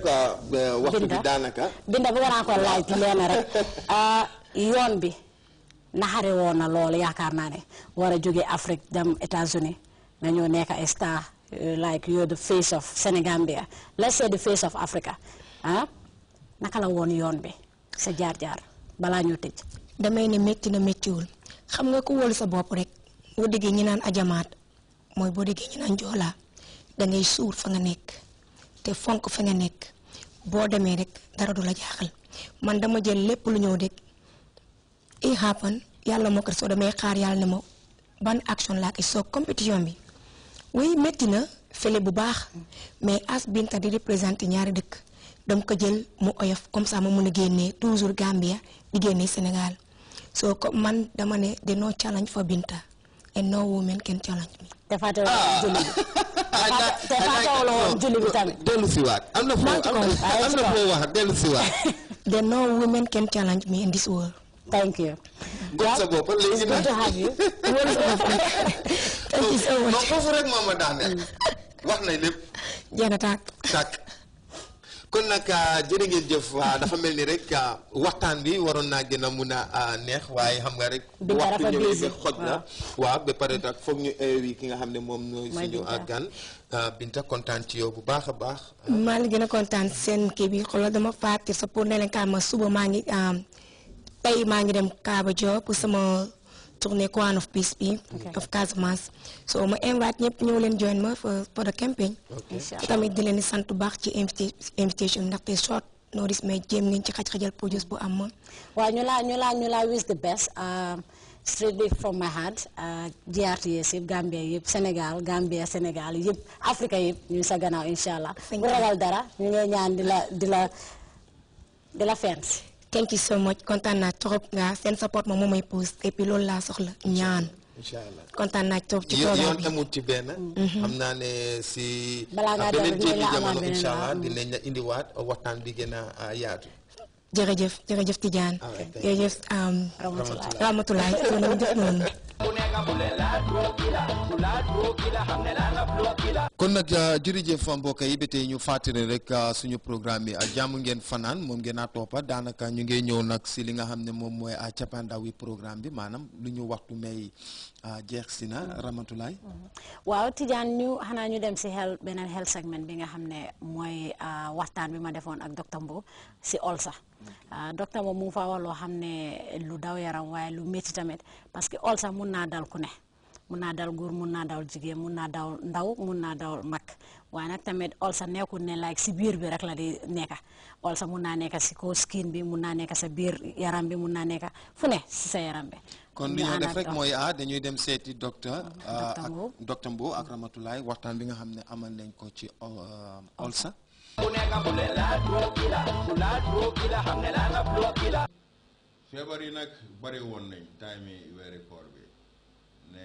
te quoi waxtu bi daanaka binda bëgg naa ko laaj leen rek yoon bi naxare woon na loolu yaakaar naa ne war a Afrique dem États-Unis nga nekk ay star eh, like you the face of Senegambia let's say the face of Africa ah naka la woon yoon bi sa jaar-jaar balaa ñoo tëj damay ne métti na méttiwul xam nga ku wóolu sa bopp rek boo déggee ñi naan ajamaat mooy boo déggee ñi naan joolaa da ngay suur fa nga nekk te fonk fi nga nekk boo demee rek dara du la jaaxal man dama jël lépp lu ñëw rek i xaapan yàlla moo ko soo damay xaar yàlla ne ma ban action laa koy soog compétition bi oui métti na fële bu baax mais as binta di représenté ñaari dëkk dam ko jël mu oyof comme sax ma mun a génnee toujours Gambia di génnee Sénégal soo ko man dama ne de no challenge for binta and no woman can challenge me. Ah. dafa te fàttewul woon julli bi tamit dellu si waat am na foo na foo wax dellu si waat there no women can challenge me in this world thank you gëm sa bopp léegi nag it's foofu rek moom ma daaneel wax na lépp jeex na tàkk tàkk kon nag ah, jërë ngeen jëf ah, dafa mel ni rek ah, waxtaan bi waroon naa gën a mun a neex waaye xam nga rek. waxtu ñëwee bi xoj na waaw ba pare nag foog ñu yi ki nga xam ne moom mooy suñu gan Binta kontaan ci yow bu baax a baax. maa ngi gën a kontaan seen kii bi xoolal dama fàtte sa pour ne ma suba maa ngi tey maa ngi dem Kaaba Diop sama. Tour Nekwan of Peace Be of Casamance so ma invite ñëpp ñëw leen join ma for the campaign tamit di leen di sant bu baax ci invitation ndaxte short notice mais jéem ngeen ci xaj-xajal produce bu am ma waaw ñu laa ñu laa ñu laa wish the best um, strictly from my heart uh, GRTS yëpp Gambia yëpp Sénégal Gambia Sénégal yëpp Afrique yëpp ñu sa gannaaw incha allah bu ragal dara ñu ngay ñaan di la di la di la fenn thank you so much kontaan naa trop nga seen support moom moo may pose loolu laa soxla ñaan. incha kontaan naa trop ci programme yoon amul ci benn. Mhm. xam naa ne si. balaa ngaa dellu indiwaat waxtaan bi gën a yaatu. jërëjëf jërëjëf Tidiane. Ah, jërëjëf um, Ramatulaay. Ramatulaay. kon nag euh, jërëjëf mbokk yi ba tey ñu fàttali rek euh, suñu programme bi euh, jàmm ngeen fanaan moom ngeen a toppa daanaka ñu ngi ñëw nag si li nga xam ne moom mooy cappaandaw yi programme bi maanaam lu ñu waxtu may jeex si na Ramatulaay. Mm-hmm. waaw Tijaan ñu xanaa ñu dem si xel beneen xel segment bi nga xam ne mooy waxtaan bi ma defoon ak docteur Mbow si Olsa. Ah, docteur moom mu ngi wax loo xam ne lu daw yaram waaye lu métti tamit parce que ol sax mun naa dal ku ne mun naa dal góor mun naa dal jigéen mun naa dal ndaw mun naa dal mag waaye nag tamit ol sa nekkul ne like si biir bi rek la di nekka ol sa mun naa nekka si kaw skin bi mun naa nekka sa biir yaram bi mun naa nekka fu ne si sa yaram bi. kon li ah, dañuy dem seeti docteur. Mm-hmm. Ah, docteur Mbow ak docteur Mbow bi nga xam ne amal nañ ko ci euh, olsa feebar yi nag bari woon nañ time yi weeri koor bi ne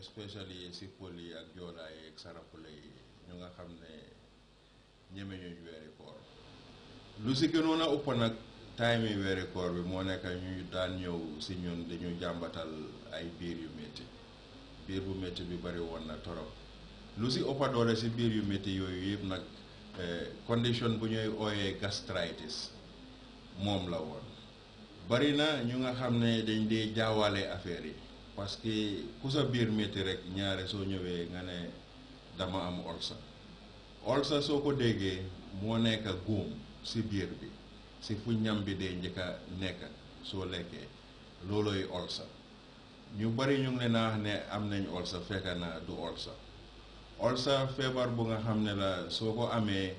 especially si pël yi ak joolaa yi ak sarapule yi ñu nga xam ne ñeme ñuñ weeri koor lu si gënoon a ëpp nag time yi weeri koor bi moo nekk ñu daan ñëw si ñun dañu jàmbatal ay biir yu métti biir bu metti bi bari woon na torop lu si ëppa doole si biir yu métti yooyu yëpp nag Eh, condition bu ñuy ooyee gastritis moom la woon bari na ñu nga xam ne dañ dee jaawale affaire yi parce que ku sa biir métti rek ñaare soo ñëwee nga ne dama am olsa olsa soo ko déggee moo nekk góom si biir bi si fu ñam bi dee njëkk a nekk soo lekkee loolooy olsa ñu bari ñu ngi leen a wax ne am nañ olsa fekk na du olsa sa feebar bu nga xam ne la soo ko amee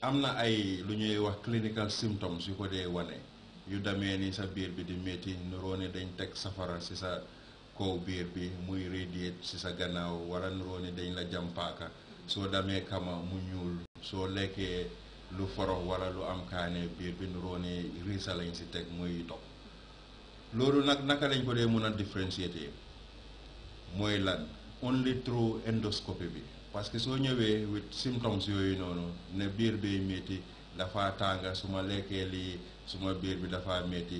am na ay lu ñuy wax clinical symptoms yu ko dee wane yu demee ni sa biir bi di métti nuroo ni dañ teg safara si sa kaw biir bi muy radiate si sa gannaaw wala nuroo ne dañ la jàmpaaka paaka soo demee kama mu ñuul soo lekkee lu forox wala lu am kaane biir bi nuroo ne riisa lañ ci teg muy topp loolu nag naka lañ ko dee mun a différencier mooy lan only through endoscopie bi parce que soo ñëwee with symptoms yooyu noonu ne biir bay métti dafa tànga su ma lekkee lii su ma biir bi dafa métti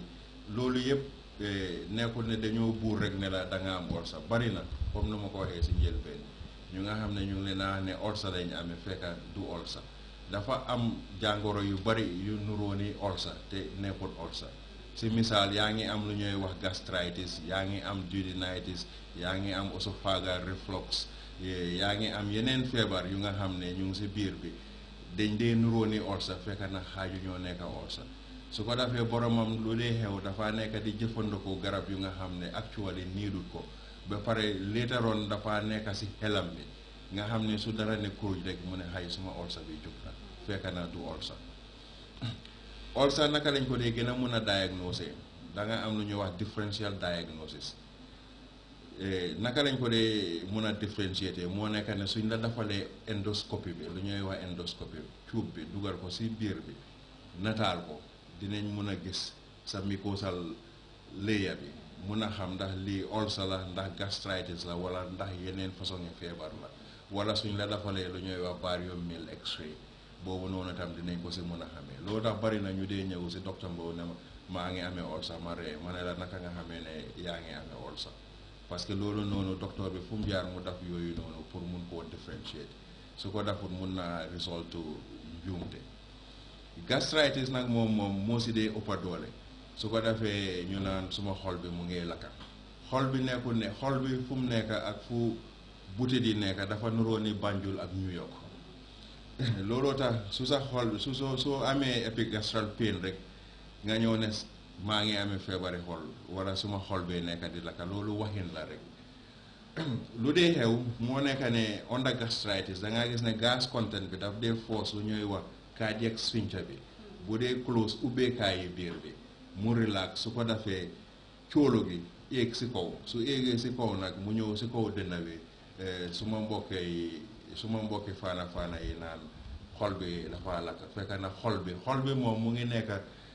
loolu yëpp eh, nekkul ne dañoo buur rek nela la da nga am orsa bari na comme nu ma ko waxee si njëlbeen ñu nga xam ne ñu ngi leen a ne orsa lañu amee fekka du orsa dafa am jàngoro yu bari yu nuróo ni orsa te nekkul orsa si misal yaa ngi am lu wah gastritis yaa ngi am duodenitis yaa ngi am esophageal reflux eh, ya ngi am yenen feebar yu nga xam ne ñu ngi si biir bi dañ dee orsa fekk na xaaju ñoo nekk orsa su ko defee boromam lu dee xew dafa nekk di jëfandikoo garab yu nga xam ne actually niidut ko ba pare leetaroon dafa nekk si xelam bi nga xam ne su dara ne kuruj rek mu ne orsa bi jug na fekk na du orsa or sax naka lañ ko dee gën a mën a diagnoser da nga am lu ñuy wax differential diagnosis eh, naka lañ ko dee mën a différencier moo nekk ne suñ la defalee endoscopie bi lu ñuy wax endoscopie cuub bi dugal ko si biir bi nataal ko dinañ mën a gis sa mucosal layer bi mun a xam ndax lii ulcer la ndax gastritis la wala ndax yeneen façon feebar la wala suñ la defalee lu ñuy wax barium meal x-ray boobu noonu tam dinañ ko si mën a xamee loo tax bari na ñu dee ñëw si docteur Mbow ne maa ngi amee olsa ma ree ma ne la naka nga xamee ne yaa ngi amee olsa parce que loolu noonu docteur bi fu mu jaar mu daf yooyu noonu pour mun koo différencier su ko dafut mun naa résolte njuumte gastritis nag moom moom moo si dee ëppa doole su ko defee ñu naan suma xol bi mu ngi lakka xol bi nekkul ne xol bi fu mu nekk ak fu butit yi nekk dafa nuroo ni Banjul ak New York looloo tax su sa xol su soo soo amee epigastral pain rek nga ñëw ne maa ngi amee feebari xol wala suma xol bee nekk di lakka loolu waxin la rek lu dee xew moo nekk ne under gastritis da ngaa gis ne gas content bi daf dee force lu ñooy wax cardiac sphincter bi bu dee close ubbeekaayi biir bi mu relax su ko defee cóolo gi éeg si kaw su éegee si kaw nag mu ñëw si kaw dënna bi eh, su ma mbokkee suma mbokki faana faana yi naan xol bi dafa lakk fekk na xol bi xol bi moom mu ngi nekk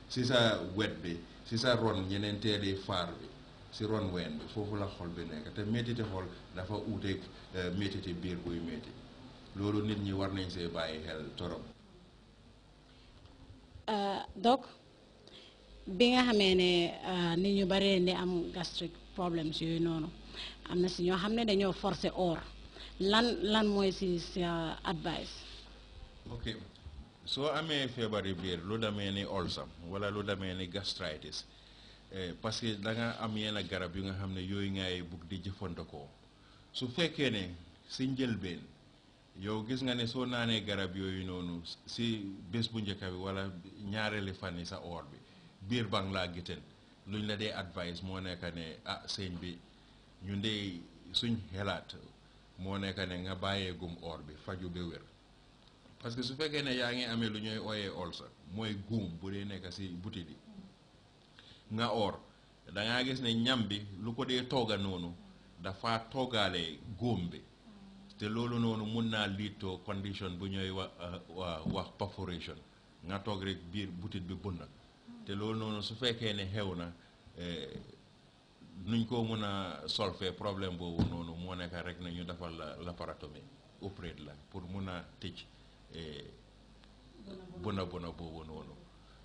si sa wet bi ci sa ron ñeneen teeli faar bi si ron wen bi foofu la xol bi nekk te métiti xol dafa uuteeg eh, métiti biir buy métti loolu nit ñi war nañ see bàyyi xel torop euh, donc bi nga xamee ne euh, nit ñu baree ni am gastric problems yooyu noonu am na si ñoo xam ne dañoo forcer or lan lan mooy si sa uh, advice. ok soo amee feebari biir lu demee ni ulcer wala lu demee ni gastritis eh, parce que danga am yenn garab yu nga xam ne yooyu ngay bugg di jëfandikoo su fekkee ne si njëlbeen yow gis nga ni soo naanee garab yooyu noonu si bés bu njëkk bi wala ñaareeli fan yi sa oor bi biir bang laa giten luñ la dee advice moo nekk ne ah sëñ bi ñu ndey suñ xelaat moo nekk ne nga bàyyee gum or bi faju ba wér que su fekkee ne yaa ngi amee lu ñooy ooyee ol sa mooy guum bu dee nekk si butit yi nga or dangaa gis ne ñam bi lu ko dee tooga noonu dafa toogaale guum bi te loolu noonu mun naa liitoo condition bu ñooy uh, wa wax perforation nga toog rek biir butit bi na te loolu noonu su fekkee ne xew na eh, nuñ ko mën a solver problème boobu noonu moo nekk rek nañu ñu defal la laparotomie auprès de la pour mun a tëj eh, bona bona boobu noonu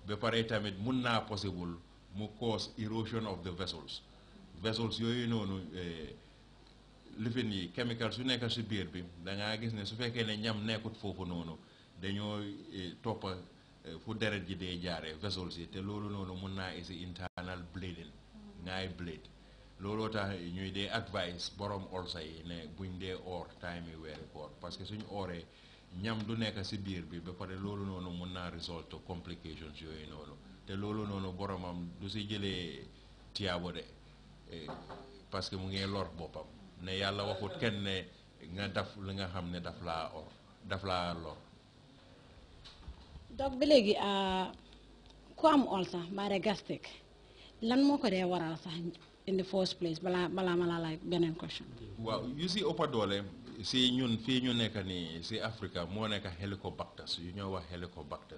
ba pare tamit mun naa possible mu cause erosion of the vessels vessels yooyu noonu eh, lifin yi chemical su nekk si biir bi da ngaa gis ne su fekkee ne ñam nekkut foofu noonu dañoo eh, toppa fu deret ji dee jaaree vessels yi te loolu noonu mun naa isi internal bleeding ngaay bleed looloo tax ñuy dee advice borom olsa yi ne buñ dee oor time yi weeri koor parce que suñu ooree ñam du nekk si biir bi ba pare loolu noonu mun naa résolte complications yooyu noonu te loolu noonu boroomam du si jëlee tiyaabo de eh, parce que mu ngi lor boppam ne yàlla waxut kenn ne nga daf li nga xam ne daf laa or daf laa lor donc ba léegi ah, ku am olsa mbaa gastrique lan moo ko dee waral sax in the first place bala bala ma laa laaj question. Well, you see, ëpp doole si ñun fii ñu nekk nii si Africa, moo nekk helicobacter. yu ñoo wax helicobacter?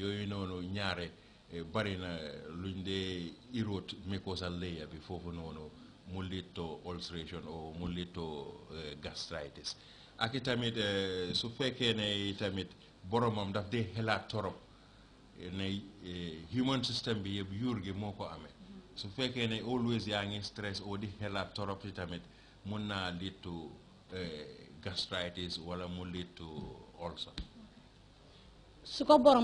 yooyu noonu ñaare eh, bari na luñ dee erode mucosal layer bi foofu mulito mu ulceration o mu eh, gastritis ak itamit eh, su fekkee ne itamit boromam daf dee xelaat torop ne human system bi yëpp yuur ame. su fekkee ne always yaa ngi stress oo di xelaat torop si tamit mun naa lead eh, to gastritis wala mu liitu to su ko borom